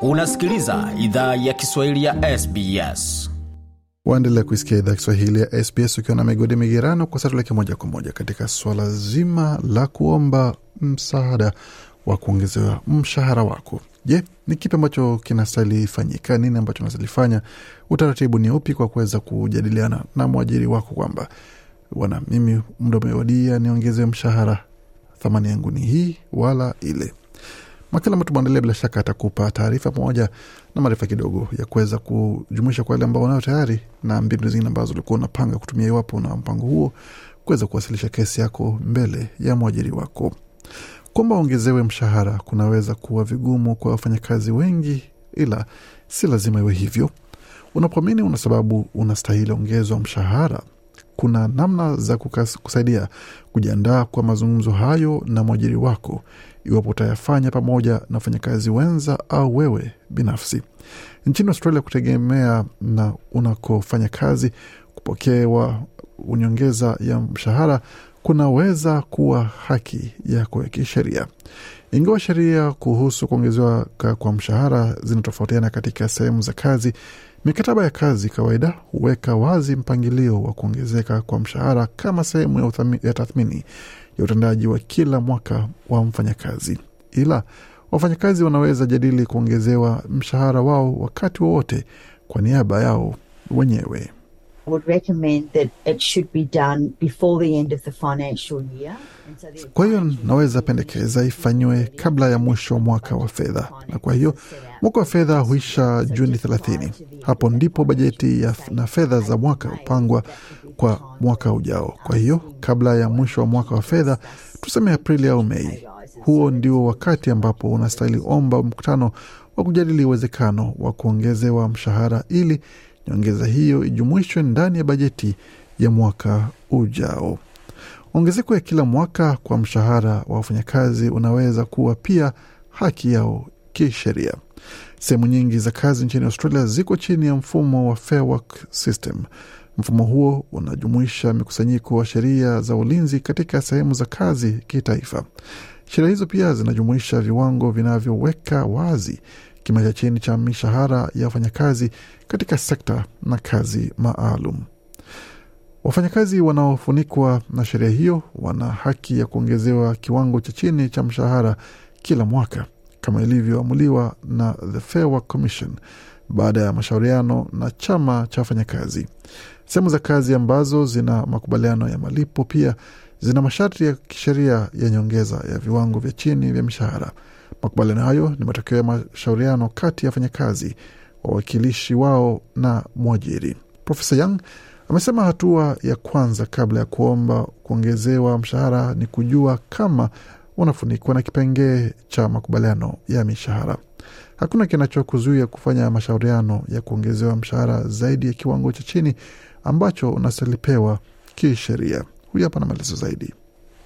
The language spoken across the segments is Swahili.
unasikiliza idhaa ya kiswahili ya sbs waendelea kuisikia idhaa kiswahili ya sbs ukiwa na migodi migerano kwa satuleke moja kwa moja katika swala zima la kuomba msaada wa kuongezewa mshahara wako je ni kipi ambacho kinastahili fanyika nini ambacho nasalifanya utaratibu ni upi kwa kuweza kujadiliana na mwajiri wako kwamba bwana mimi mda umewadia niongeze mshahara thamani yangu ni hii wala ile Makala ambayo tumeandalia bila shaka atakupa taarifa pamoja na maarifa kidogo ya kuweza kujumuisha kwa wale ambao wanayo tayari na mbinu zingine ambazo ulikuwa unapanga kutumia iwapo na mpango huo kuweza kuwasilisha kesi yako mbele ya mwajiri wako. Kwamba ongezewe mshahara kunaweza kuwa vigumu kwa wafanyakazi wengi, ila si lazima iwe hivyo. Unapoamini una sababu unastahili ongezwa mshahara, kuna namna za kukas, kusaidia kujiandaa kwa mazungumzo hayo na mwajiri wako iwapo utayafanya pamoja na wafanyakazi wenza au wewe binafsi. Nchini Australia, kutegemea na unakofanya kazi, kupokewa unyongeza ya mshahara kunaweza kuwa haki yako ya kisheria. Ingawa sheria kuhusu kuongezewa kwa mshahara zinatofautiana katika sehemu za kazi, mikataba ya kazi kawaida huweka wazi mpangilio wa kuongezeka kwa mshahara kama sehemu ya, ya tathmini ya utendaji wa kila mwaka wa mfanyakazi, ila wafanyakazi wanaweza jadili kuongezewa mshahara wao wakati wowote kwa niaba yao wenyewe. Kwa hiyo naweza pendekeza ifanyiwe kabla ya mwisho wa mwaka wa fedha, na kwa hiyo mwaka wa fedha huisha Juni 30. Hapo ndipo bajeti na fedha za mwaka hupangwa kwa mwaka ujao. Kwa hiyo kabla ya mwisho wa mwaka wa fedha, tuseme Aprili au Mei, huo ndio wakati ambapo unastahili omba mkutano wa kujadili uwezekano wa kuongezewa mshahara ili nyongeza hiyo ijumuishwe ndani ya bajeti ya mwaka ujao. Ongezeko ya kila mwaka kwa mshahara wa wafanyakazi unaweza kuwa pia haki yao kisheria. Sehemu nyingi za kazi nchini Australia ziko chini ya mfumo wa Fair Work System. Mfumo huo unajumuisha mikusanyiko wa sheria za ulinzi katika sehemu za kazi kitaifa. Sheria hizo pia zinajumuisha viwango vinavyoweka wazi kima cha chini cha mishahara ya wafanyakazi katika sekta na kazi maalum. Wafanyakazi wanaofunikwa na sheria hiyo wana haki ya kuongezewa kiwango cha chini cha mshahara kila mwaka kama ilivyoamuliwa na the Fair Work Commission baada ya mashauriano na chama cha wafanyakazi. Sehemu za kazi ambazo zina makubaliano ya malipo pia zina masharti ya kisheria ya nyongeza ya viwango vya chini vya mishahara. Makubaliano hayo ni matokeo ya mashauriano kati ya wafanyakazi, wawakilishi wao na mwajiri. Profesa Young amesema hatua ya kwanza kabla ya kuomba kuongezewa mshahara ni kujua kama unafunikwa na kipengee cha makubaliano ya mishahara. Hakuna kinachokuzuia kufanya mashauriano ya kuongezewa mshahara zaidi ya kiwango cha chini ambacho unastahili pewa kisheria. Huyu hapa na maelezo zaidi.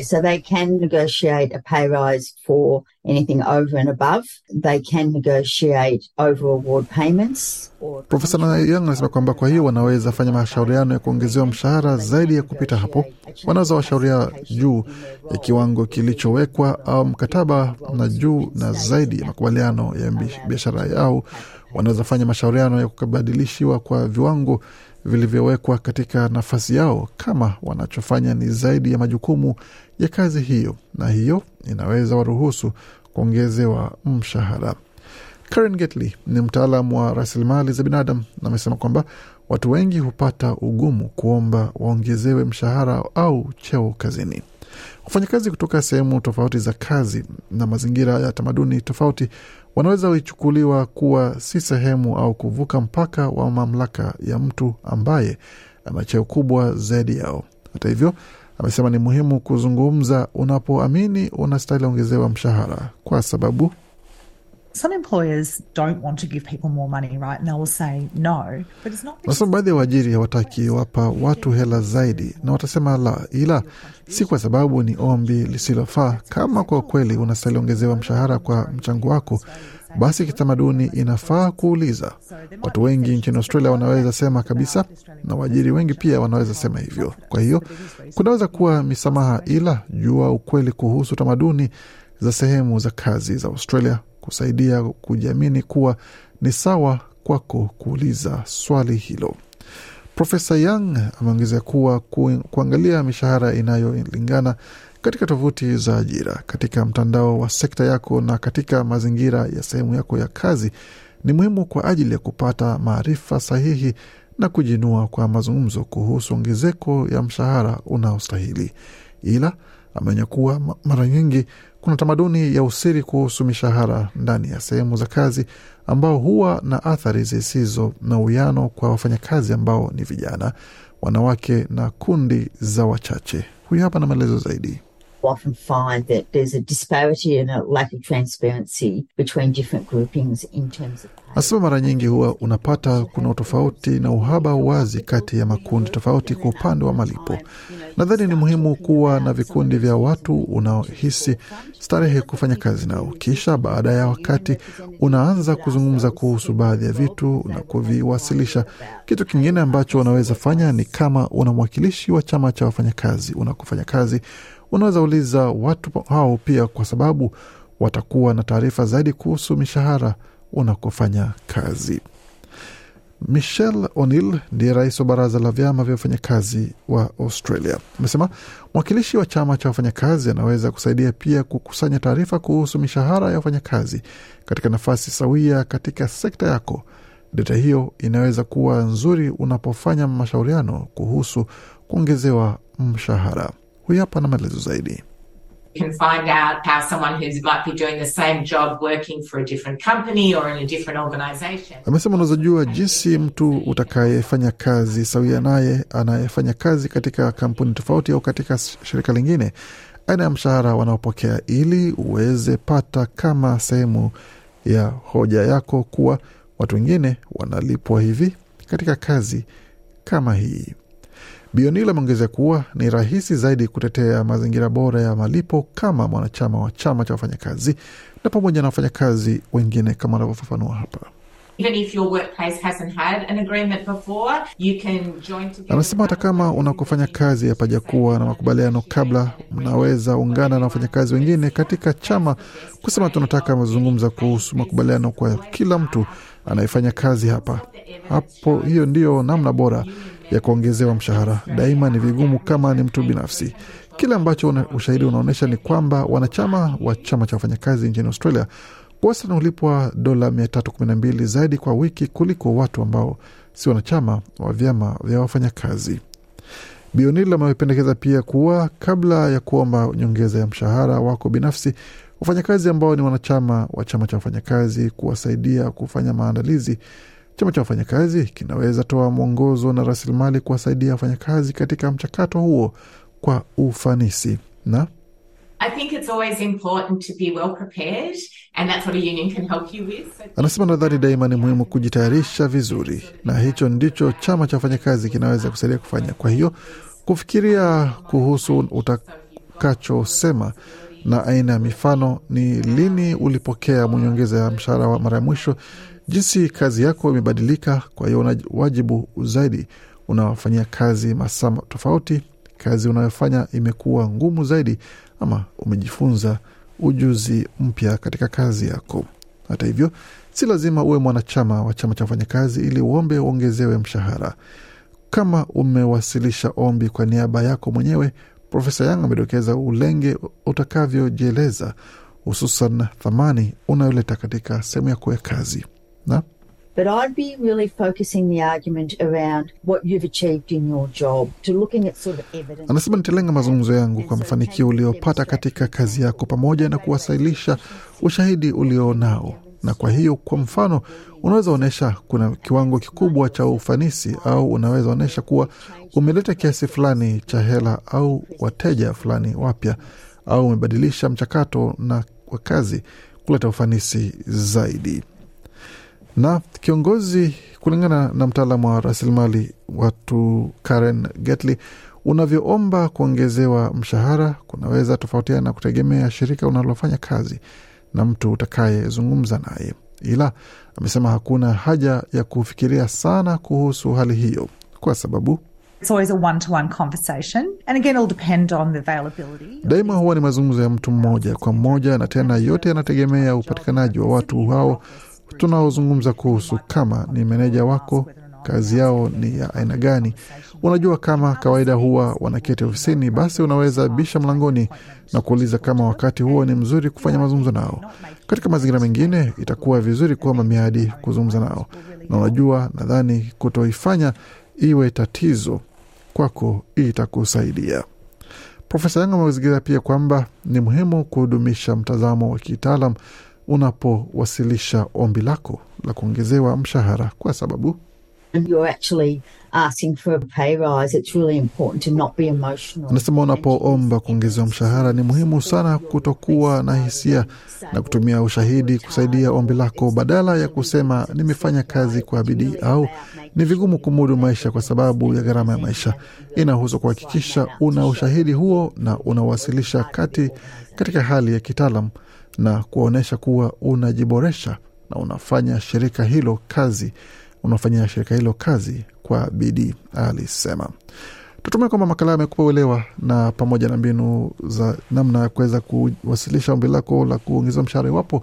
So they can negotiate a pay rise for anything over and above. They can negotiate over award payments. Profesa Young anasema kwamba kwa hiyo wanaweza fanya mashauriano ya kuongezewa mshahara zaidi ya kupita hapo. Wanaweza washauria juu ya kiwango kilichowekwa au mkataba na juu na zaidi ya makubaliano ya biashara yao wanaweza fanya mashauriano ya kubadilishiwa kwa viwango vilivyowekwa katika nafasi yao kama wanachofanya ni zaidi ya majukumu ya kazi hiyo, na hiyo inaweza waruhusu kuongezewa mshahara. Karen Getly ni mtaalamu wa rasilimali za binadamu na amesema kwamba watu wengi hupata ugumu kuomba waongezewe mshahara au cheo kazini. Wafanyakazi kutoka sehemu tofauti za kazi na mazingira ya tamaduni tofauti wanaweza kuchukuliwa kuwa si sehemu au kuvuka mpaka wa mamlaka ya mtu ambaye ana cheo kubwa zaidi yao. Hata hivyo, amesema ni muhimu kuzungumza unapoamini unastahili ongezewa mshahara kwa sababu Nasema baadhi ya waajiri hawataki wapa watu hela zaidi, na watasema la, ila si kwa sababu ni ombi lisilofaa. Kama kwa kweli unastahili ongezewa mshahara kwa mchango wako, basi kitamaduni inafaa kuuliza. Watu wengi nchini Australia wanaweza sema kabisa, na waajiri wengi pia wanaweza sema hivyo. Kwa hiyo kunaweza kuwa misamaha, ila jua ukweli kuhusu tamaduni za sehemu za kazi za Australia kusaidia kujiamini kuwa ni sawa kwako kuuliza swali hilo. Profesa Young ameongezea kuwa kuangalia mishahara inayolingana katika tovuti za ajira, katika mtandao wa sekta yako na katika mazingira ya sehemu yako ya kazi ni muhimu kwa ajili ya kupata maarifa sahihi na kujinua kwa mazungumzo kuhusu ongezeko ya mshahara unaostahili. Ila ameonya kuwa mara nyingi kuna tamaduni ya usiri kuhusu mishahara ndani ya sehemu za kazi ambao huwa na athari zisizo na uwiano kwa wafanyakazi ambao ni vijana, wanawake na kundi za wachache. Huyu hapa na maelezo zaidi often find that there's a disparity and a lack of transparency between different groupings in terms of Asema mara nyingi huwa unapata kuna utofauti na uhaba wazi kati ya makundi tofauti kwa upande wa malipo. Nadhani ni muhimu kuwa na vikundi vya watu unaohisi starehe kufanya kazi nao, kisha baada ya wakati unaanza kuzungumza kuhusu baadhi ya vitu na kuviwasilisha. Kitu kingine ambacho unaweza fanya ni kama una mwakilishi wa chama cha wafanyakazi unakofanya kazi Unaweza uliza watu hao pia, kwa sababu watakuwa na taarifa zaidi kuhusu mishahara unakofanya kazi. Michel onil ndiye rais wa baraza la vyama vya wafanyakazi wa Australia. Amesema mwakilishi wa chama cha wafanyakazi anaweza kusaidia pia kukusanya taarifa kuhusu mishahara ya wafanyakazi katika nafasi sawia katika sekta yako. Data hiyo inaweza kuwa nzuri unapofanya mashauriano kuhusu kuongezewa mshahara. Huyu hapa na maelezo zaidi. Amesema unaweza jua jinsi mtu utakayefanya kazi sawia naye anayefanya kazi katika kampuni tofauti au katika shirika lingine, aina ya mshahara wanaopokea, ili uweze pata kama sehemu ya hoja yako kuwa watu wengine wanalipwa hivi katika kazi kama hii. Bionil ameongezea kuwa ni rahisi zaidi kutetea mazingira bora ya malipo kama mwanachama wa chama cha wafanyakazi na pamoja na wafanyakazi wengine kama anavyofafanua hapa. Anasema hata kama unakofanya kazi hapajakuwa na makubaliano kabla, mnaweza ungana na wafanyakazi wengine katika chama kusema tunataka mazungumza kuhusu makubaliano kwa kila mtu anayefanya kazi hapa. Hapo hiyo ndiyo namna bora ya kuongezewa mshahara daima ni vigumu kama ni mtu binafsi. Kile ambacho una, ushahidi unaonyesha ni kwamba wanachama wa chama cha wafanyakazi nchini Australia kwa wastani hulipwa dola 312 zaidi kwa wiki kuliko watu ambao si wanachama wa vyama vya wafanyakazi. Bionil amependekeza pia kuwa kabla ya kuomba nyongeza ya mshahara wako binafsi, wafanyakazi ambao ni wanachama wa chama cha wafanyakazi kuwasaidia kufanya maandalizi Chama cha wafanyakazi kinaweza toa mwongozo na rasilimali kuwasaidia wafanyakazi katika mchakato huo kwa ufanisi na Anasema nadhani daima ni muhimu kujitayarisha vizuri, na hicho ndicho chama cha wafanyakazi kinaweza kusaidia kufanya. Kwa hiyo kufikiria kuhusu utakachosema na aina ya mifano, ni lini ulipokea mwenyongeza ya mshahara wa mara ya mwisho, jinsi kazi yako imebadilika. Kwa hiyo una wajibu zaidi, unawafanyia kazi masaa tofauti, kazi unayofanya imekuwa ngumu zaidi, ama umejifunza ujuzi mpya katika kazi yako. Hata hivyo, si lazima uwe mwanachama wa chama cha wafanyakazi ili uombe uongezewe mshahara. Kama umewasilisha ombi kwa niaba yako mwenyewe, Profesa Yang amedokeza ulenge utakavyojieleza, hususan thamani unayoleta katika sehemu yako ya kazi. No? But I'd be really focusing the argument around what you've achieved in your job, to looking at sort of evidence. Anasema nitalenga mazungumzo yangu kwa mafanikio uliopata katika kazi yako pamoja na kuwasilisha ushahidi ulionao na kwa hiyo kwa mfano unaweza onyesha kuna kiwango kikubwa cha ufanisi au unaweza onyesha kuwa umeleta kiasi fulani cha hela au wateja fulani wapya au umebadilisha mchakato na wa kazi kuleta ufanisi zaidi na kiongozi, kulingana na mtaalamu wa rasilimali watu Karen Getly, unavyoomba kuongezewa mshahara kunaweza tofautiana kutegemea shirika unalofanya kazi na mtu utakayezungumza naye, ila amesema hakuna haja ya kufikiria sana kuhusu hali hiyo kwa sababu daima huwa ni mazungumzo ya mtu mmoja kwa mmoja, na tena yote yanategemea upatikanaji wa watu hao tunaozungumza kuhusu, kama ni meneja wako, kazi yao ni ya aina gani. Unajua, kama kawaida huwa wanaketi ofisini, basi unaweza bisha mlangoni na kuuliza kama wakati huo ni mzuri kufanya mazungumzo nao. Katika mazingira mengine, itakuwa vizuri kuomba miadi kuzungumza nao, na unajua, nadhani kutoifanya iwe tatizo kwako itakusaidia. Profesa Yang amewezigiza pia kwamba ni muhimu kudumisha mtazamo wa kitaalam unapowasilisha ombi lako la kuongezewa mshahara kwa sababu Anasema unapoomba kuongezewa mshahara ni muhimu sana kutokuwa na hisia na kutumia ushahidi kusaidia ombi lako, badala ya kusema nimefanya kazi kwa bidii au ni vigumu kumudu maisha kwa sababu ya gharama ya maisha. Inahusu kuhakikisha una ushahidi huo na unawasilisha kati katika hali ya kitaalam na kuwaonyesha kuwa unajiboresha na unafanya shirika hilo kazi, unafanyia shirika hilo kazi kwa bidii, alisema. Tutumia kwamba makala amekupa uelewa na pamoja na mbinu za namna ya kuweza kuwasilisha ombi lako la kuongeza mshahara iwapo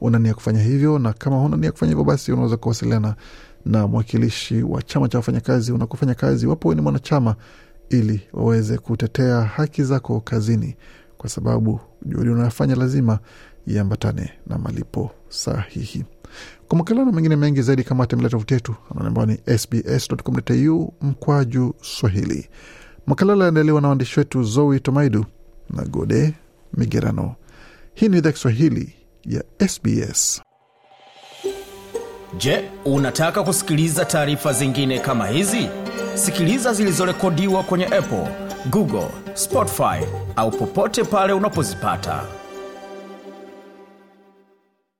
una nia kufanya hivyo, na kama huna nia kufanya hivyo, basi unaweza kuwasiliana na mwakilishi wa chama cha wafanyakazi unakofanya kazi, iwapo ni mwanachama, ili waweze kutetea haki zako kazini, kwa sababu juhudi unayofanya lazima iambatane na malipo sahihi. Kwa makala na mengine mengi zaidi, kama tembelea tovuti yetu ambao ni sbs.com.au mkwaju Swahili. Makala laandaliwa na waandishi wetu Zoe Tomaidu na Gode Migerano. Hii ni idhaa Kiswahili ya SBS. Je, unataka kusikiliza taarifa zingine kama hizi? Sikiliza zilizorekodiwa kwenye Apple, Google, Spotify au popote pale unapozipata.